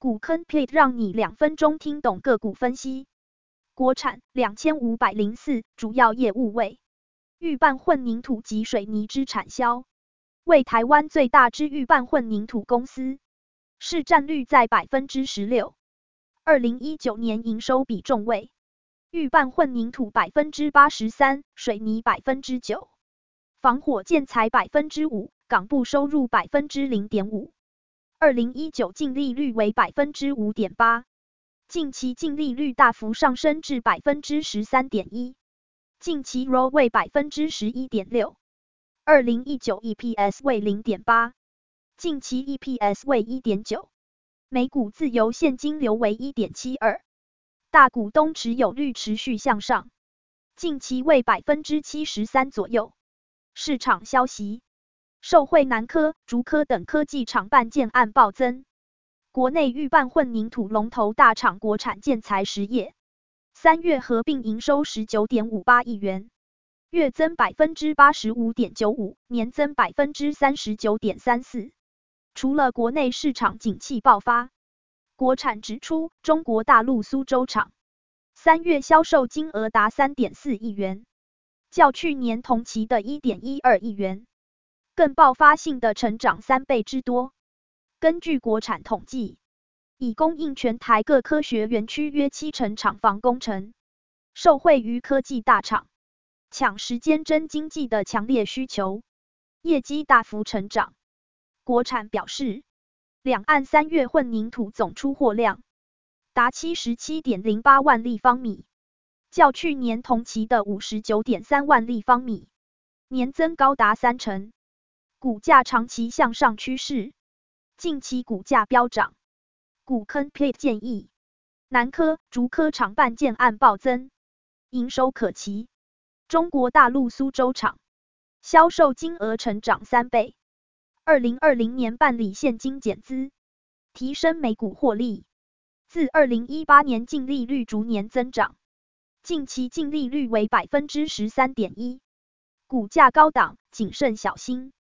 股坑 plate 讓你兩分鐘聽懂個股分析。國產兩千五百零四主要業務為預拌混凝土及水泥之產銷，為台灣最大之預拌混凝土公司，市占率在百分之十六。二零一九年營收比重為預拌混凝土百分之八十三，水泥百分之九，防火建材百分之五，港埠收入百分之零點五。二零一九淨利率為百分之五點八，近期淨利率大幅上升至百分之十三點一，近期 ROE 為百分之十一點六。二零一九 EPS 為零點八，近期 EPS 為一點九，每股自由現金流為一點七二，大股東持有率持續向上，近期為百分之七十三左右。市場消息。受惠南科、竹科等科技廠辦建案暴增，國內預拌混凝土龍頭大廠國產建材實業，三月合併營收十九點五八億元，月增百分之八十五點九五，年增百分之三十九點三四。除了國內市場景氣爆發，國產直出中國大陸蘇州廠，三月銷售金額達三點四億元，較去年同期的一點一二億元。更爆發性的成長三倍之多。根據國產統計，已供應全台各科學園區約七成廠房工程，受惠於科技大廠搶時間爭經濟的強烈需求，業績大幅成長。國產表示，兩岸三月混凝土總出貨量達七十七點零八萬立方米，較去年同期的五十九點三萬立方米，年增高達三成。股價長期向上趨勢，近期股價飆漲。股坑派建議，南科、竹科廠辦建案暴增，營收可期。中國大陸蘇州廠，銷售金額成長三倍。二零二零年辦理現金減資，提升每股獲利。自二零一八年淨利率逐年增長，近期淨利率為百分之十三點一，股價高檔，謹慎小心。